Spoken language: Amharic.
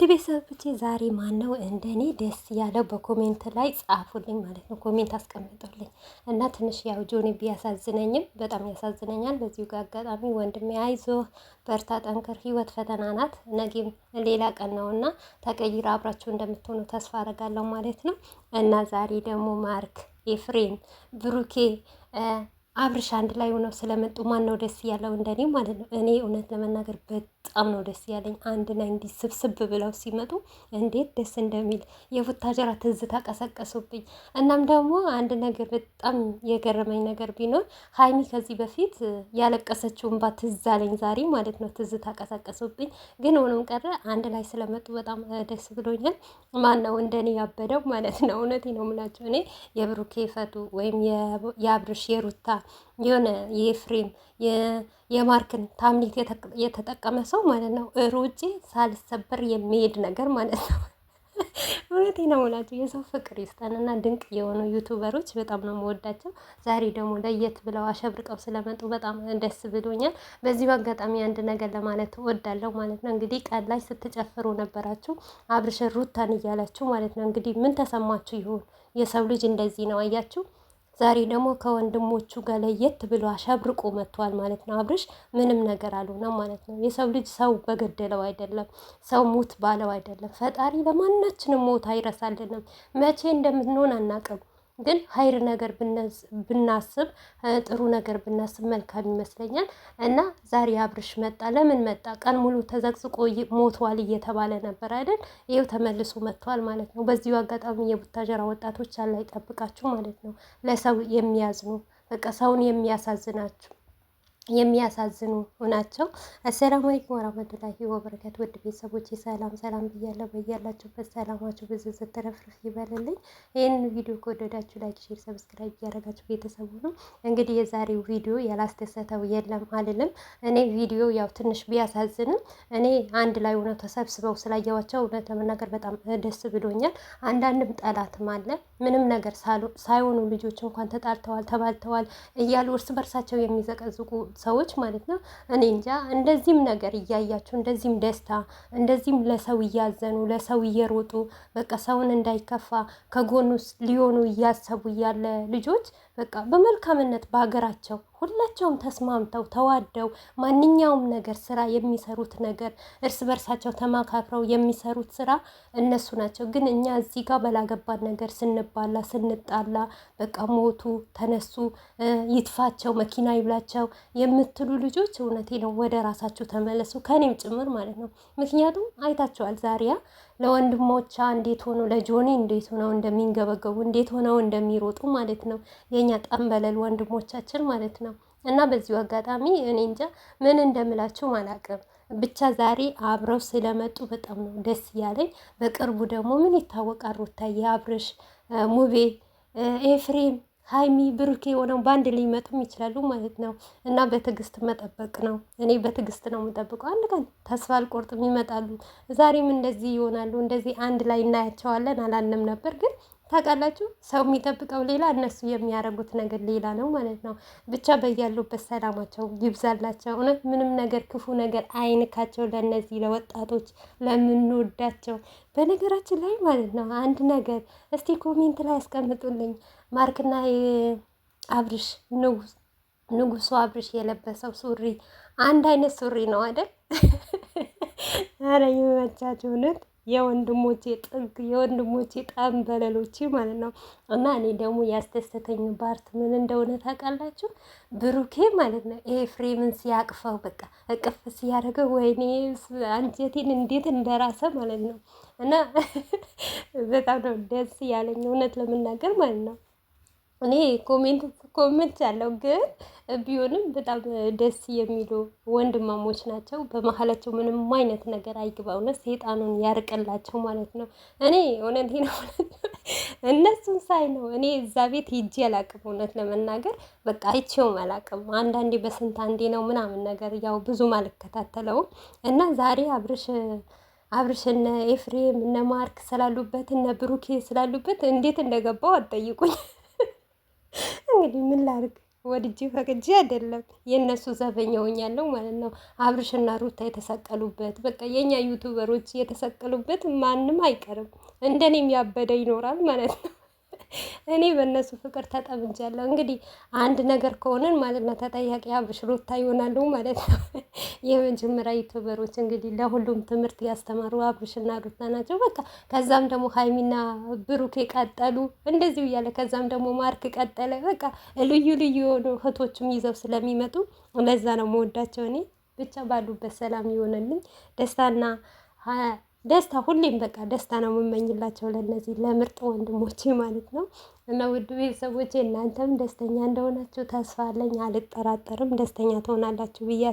ውድ ቤተሰቦቼ ዛሬ ማነው እንደኔ ደስ ያለው በኮሜንት ላይ ጻፉልኝ ማለት ነው። ኮሜንት አስቀምጡልኝ እና ትንሽ ያው ጆኒ ቢያሳዝነኝም በጣም ያሳዝነኛል። በዚሁ ጋር አጋጣሚ ወንድሜ አይዞህ፣ በርታ፣ ጠንክር፣ ህይወት ፈተና ናት፣ ነገም ሌላ ቀን ነው እና ተቀይረ አብራችሁ እንደምትሆኑ ተስፋ አደርጋለሁ ማለት ነው እና ዛሬ ደግሞ ማርክ፣ ኤፍሬም፣ ብሩኬ አብርሽ አንድ ላይ ሆነው ስለመጡ ማነው ደስ ያለው እንደኔ ማለት ነው። እኔ እውነት ለመናገር በጣም ነው ደስ ያለኝ። አንድና እንዲህ ስብስብ ብለው ሲመጡ እንዴት ደስ እንደሚል የቡታጀራ ትዝታ ቀሰቀሱብኝ። እናም ደግሞ አንድ ነገር በጣም የገረመኝ ነገር ቢኖር ሀይሚ ከዚህ በፊት ያለቀሰችው እንባ ትዝ አለኝ ዛሬ ማለት ነው። ትዝታ ቀሰቀሱብኝ፣ ግን ሆኖም ቀረ አንድ ላይ ስለመጡ በጣም ደስ ብሎኛል። ማን ነው እንደኔ ያበደው ማለት ነው። እውነቴ ነው የምላቸው እኔ የብሩኬ ፈቱ ወይም የአብርሽ የሩታ የሆነ የፍሬም የማርክን ታምሊት የተጠቀመ ሰው ማለት ነው ሮጬ ሳልሰበር የሚሄድ ነገር ማለት ነው። እውነቴ ነው ላቸው የሰው ፍቅር ይስጠንና ድንቅ የሆኑ ዩቱበሮች በጣም ነው መወዳቸው። ዛሬ ደግሞ ለየት ብለው አሸብርቀው ስለመጡ በጣም ደስ ብሎኛል። በዚሁ አጋጣሚ አንድ ነገር ለማለት እወዳለሁ ማለት ነው። እንግዲህ ቀን ላይ ስትጨፍሩ ነበራችሁ አብርሽን ሩታን እያላችሁ ማለት ነው። እንግዲህ ምን ተሰማችሁ ይሆን? የሰው ልጅ እንደዚህ ነው አያችሁ። ዛሬ ደግሞ ከወንድሞቹ ጋር ለየት ብሎ አሸብርቆ መጥቷል ማለት ነው። አብርሽ ምንም ነገር አልሆነም ማለት ነው። የሰው ልጅ ሰው በገደለው አይደለም፣ ሰው ሞት ባለው አይደለም። ፈጣሪ ለማናችንም ሞት አይረሳልንም። መቼ እንደምንሆን አናቅም። ግን ሀይር ነገር ብናስብ ጥሩ ነገር ብናስብ መልካም ይመስለኛል። እና ዛሬ አብርሽ መጣ። ለምን መጣ? ቀን ሙሉ ተዘቅዝቆ ሞቷል እየተባለ ነበር አይደል? ይኸው ተመልሶ መጥቷል ማለት ነው። በዚሁ አጋጣሚ የቡታጀራ ወጣቶች አላይጠብቃችሁ ይጠብቃችሁ ማለት ነው። ለሰው የሚያዝኑ በቃ ሰውን የሚያሳዝናችሁ የሚያሳዝኑ ናቸው። አሰላሙ አለይኩም ወራህመቱላሂ ወበረካቱ። ውድ ቤተሰቦች ሰላም ሰላም ብያለሁ። በያላችሁበት ሰላማችሁ ብዙ ዝተረፍርፍ ይበልልኝ። ይህን ቪዲዮ ከወደዳችሁ ላይክ፣ ሼር፣ ሰብስክራይብ እያደረጋችሁ ቤተሰቡ ነው። እንግዲህ የዛሬው ቪዲዮ ያላስደሰተው የለም አልልም። እኔ ቪዲዮ ያው ትንሽ ቢያሳዝንም እኔ አንድ ላይ እውነት ተሰብስበው ስላየዋቸው እውነት ለመናገር በጣም ደስ ብሎኛል። አንዳንድም ጠላትም አለ ምንም ነገር ሳይሆኑ ልጆች እንኳን ተጣልተዋል ተባልተዋል እያሉ እርስ በርሳቸው የሚዘቀዝቁ ሰዎች ማለት ነው። እኔ እንጃ እንደዚህም ነገር እያያችሁ እንደዚህም ደስታ እንደዚህም ለሰው እያዘኑ ለሰው እየሮጡ በቃ ሰውን እንዳይከፋ ከጎኑ ሊሆኑ እያሰቡ እያለ ልጆች በቃ በመልካምነት በሀገራቸው ሁላቸውም ተስማምተው ተዋደው ማንኛውም ነገር ስራ የሚሰሩት ነገር እርስ በርሳቸው ተመካክረው የሚሰሩት ስራ እነሱ ናቸው። ግን እኛ እዚህ ጋር በላገባን ነገር ስንባላ ስንጣላ፣ በቃ ሞቱ፣ ተነሱ፣ ይጥፋቸው፣ መኪና ይብላቸው የምትሉ ልጆች እውነቴ ነው፣ ወደ ራሳችሁ ተመለሱ፣ ከኔም ጭምር ማለት ነው። ምክንያቱም አይታችኋል ዛሬያ ለወንድሞቻ እንዴት ሆኖ ለጆኒ እንዴት ሆነው እንደሚንገበገቡ እንዴት ሆነው እንደሚሮጡ ማለት ነው። የእኛ ጠንበለል ወንድሞቻችን ማለት ነው። እና በዚሁ አጋጣሚ እኔ እንጃ ምን እንደምላችሁ አላቅም። ብቻ ዛሬ አብረው ስለመጡ በጣም ነው ደስ እያለኝ። በቅርቡ ደግሞ ምን ይታወቃል ሩታዬ፣ አብርሽ፣ ሙቤ፣ ኤፍሬም፣ ሀይሚ፣ ብሩኬ ሆነው በአንድ ሊመጡም ይችላሉ ማለት ነው እና በትዕግስት መጠበቅ ነው። እኔ በትዕግስት ነው የምጠብቀው። አንድ ቀን ተስፋ አልቆርጥም፣ ይመጣሉ። ዛሬም እንደዚህ ይሆናሉ። እንደዚህ አንድ ላይ እናያቸዋለን አላለም ነበር ግን ታውቃላችሁ ሰው የሚጠብቀው ሌላ፣ እነሱ የሚያደርጉት ነገር ሌላ ነው ማለት ነው። ብቻ በያሉበት ሰላማቸው ይብዛላቸው። እውነት ምንም ነገር ክፉ ነገር አይንካቸው። ለእነዚህ ለወጣቶች ለምንወዳቸው፣ በነገራችን ላይ ማለት ነው አንድ ነገር እስቲ ኮሜንት ላይ ያስቀምጡልኝ። ማርክና አብርሽ ንጉሱ አብርሽ የለበሰው ሱሪ አንድ አይነት ሱሪ ነው አይደል? ኧረ ይመቻችሁ እውነት። የወንድሞቼ ጥግ የወንድሞቼ በለሎች ማለት ነው። እና እኔ ደግሞ ያስደሰተኝ ባርት ምን እንደሆነ ታውቃላችሁ? ብሩኬ ማለት ነው ፍሬምን ሲያቅፈው በቃ እቅፍ ሲያደርገው ወይኔ አንጀቴን እንዴት እንደራሰ ማለት ነው። እና በጣም ነው ደስ ያለኝ እውነት ለመናገር ማለት ነው። እኔ ኮሜንት ያለው ግን ቢሆንም በጣም ደስ የሚሉ ወንድማሞች ናቸው። በመሀላቸው ምንም አይነት ነገር አይግባ። እውነት ሴጣኑን ያርቅላቸው ማለት ነው። እኔ እውነት ነው እነሱን ሳይ ነው እኔ እዛ ቤት ሂጄ አላቅም። እውነት ለመናገር በቃ አይቼውም አላቅም። አንዳንዴ በስንት አንዴ ነው ምናምን ነገር ያው ብዙም አልከታተለውም እና ዛሬ አብርሽ አብርሽ እነ ኤፍሬም እነ ማርክ ስላሉበት እነ ብሩኬ ስላሉበት እንዴት እንደገባው አትጠይቁኝ። እንግዲህ ምን ላርግ ወድጄ ፈቅጄ አይደለም የእነሱ ዘበኛ ሆኛለሁ ማለት ነው። አብርሽና ሩታ የተሰቀሉበት በቃ የእኛ ዩቱበሮች የተሰቀሉበት ማንም አይቀርም። እንደኔም ያበደ ይኖራል ማለት ነው። እኔ በእነሱ ፍቅር ተጠምጃለሁ። እንግዲህ አንድ ነገር ከሆነን ማለት ነው ተጠያቂ አብሽ ሩታ ይሆናሉ ማለት ነው። የመጀመሪያ ዩቱበሮች እንግዲህ ለሁሉም ትምህርት ያስተማሩ አብሽና ሩታ ናቸው። በቃ ከዛም ደግሞ ሀይሚና ብሩክ ቀጠሉ እንደዚሁ እያለ ከዛም ደግሞ ማርክ ቀጠለ። በቃ ልዩ ልዩ የሆኑ እህቶችም ይዘው ስለሚመጡ ለዛ ነው መወዳቸው። እኔ ብቻ ባሉበት ሰላም ይሆነልኝ ደስታና ደስታ ሁሌም በቃ ደስታ ነው የምመኝላቸው ለእነዚህ ለምርጥ ወንድሞቼ ማለት ነው። እና ውድ ቤተሰቦቼ እናንተም ደስተኛ እንደሆናችሁ ተስፋ አለኝ፣ አልጠራጠርም። ደስተኛ ትሆናላችሁ ብዬ